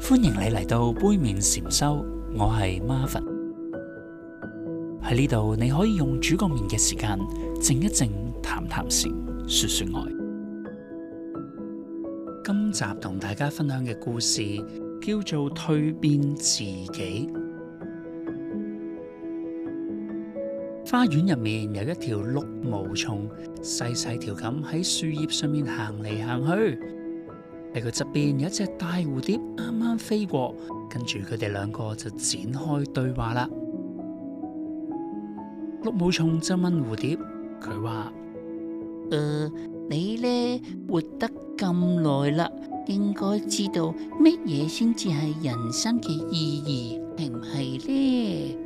歡迎你嚟到杯麵禪修，我係 Marvin 喺呢度，你可以用煮個麵嘅時間靜一靜，談談禪，說說愛。今集同大家分享嘅故事叫做《蛻變自己》。花園入面有一條綠毛蟲，細細條咁喺樹葉上面行嚟行去。喺佢側邊有一隻大蝴蝶啱啱飛過，跟住佢哋兩個就展開對話啦。綠毛蟲就問蝴蝶，佢話：誒、呃，你咧活得咁耐啦，應該知道乜嘢先至係人生嘅意義，係唔係咧？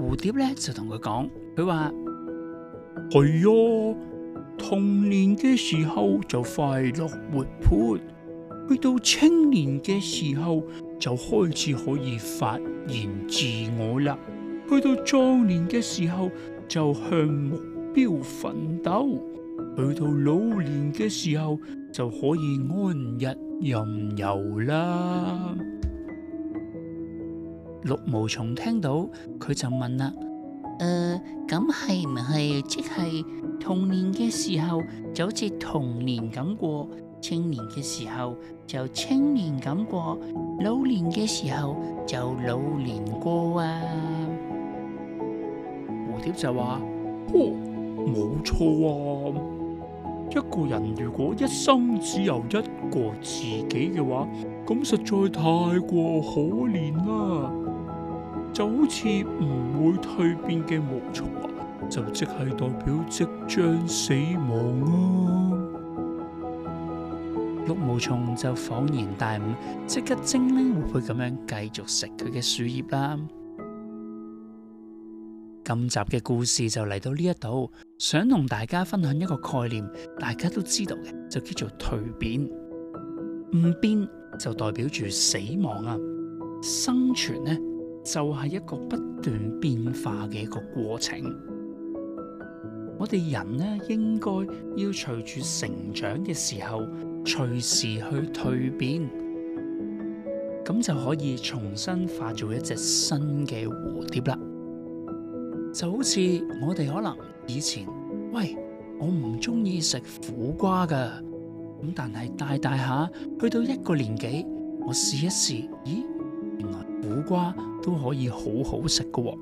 蝴蝶咧就同佢講，佢話：係啊、哦。童年嘅時候就快樂活潑，去到青年嘅時候就開始可以發現自我啦，去到壯年嘅時候就向目標奮鬥，去到老年嘅時候就可以安逸任遊啦。綠毛蟲聽到，佢就問啦。誒，咁係唔係即係童年嘅時候就好似童年咁過，青年嘅時候就青年咁過，老年嘅時候就老年過啊？蝴蝶就話：哦，冇錯啊！一個人如果一生只有一個自己嘅話，咁實在太過可憐啦。就好似唔會蛻變嘅毛蟲啊，就即係代表即將死亡啊。綠毛蟲就恍然大悟，即刻精靈活潑咁樣繼續食佢嘅樹葉啦。今集嘅故事就嚟到呢一度，想同大家分享一個概念，大家都知道嘅就叫做蛻變。唔變就代表住死亡啊，生存呢？就係一個不斷變化嘅一個過程。我哋人呢，應該要隨住成長嘅時候，隨時去蛻變，咁就可以重新化做一隻新嘅蝴蝶啦。就好似我哋可能以前，喂，我唔中意食苦瓜噶，咁但係大大下去到一個年紀，我試一試，咦，原來苦瓜。都可以好好食㗎，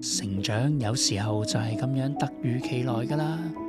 成長有時候就係咁樣突如其來㗎喇。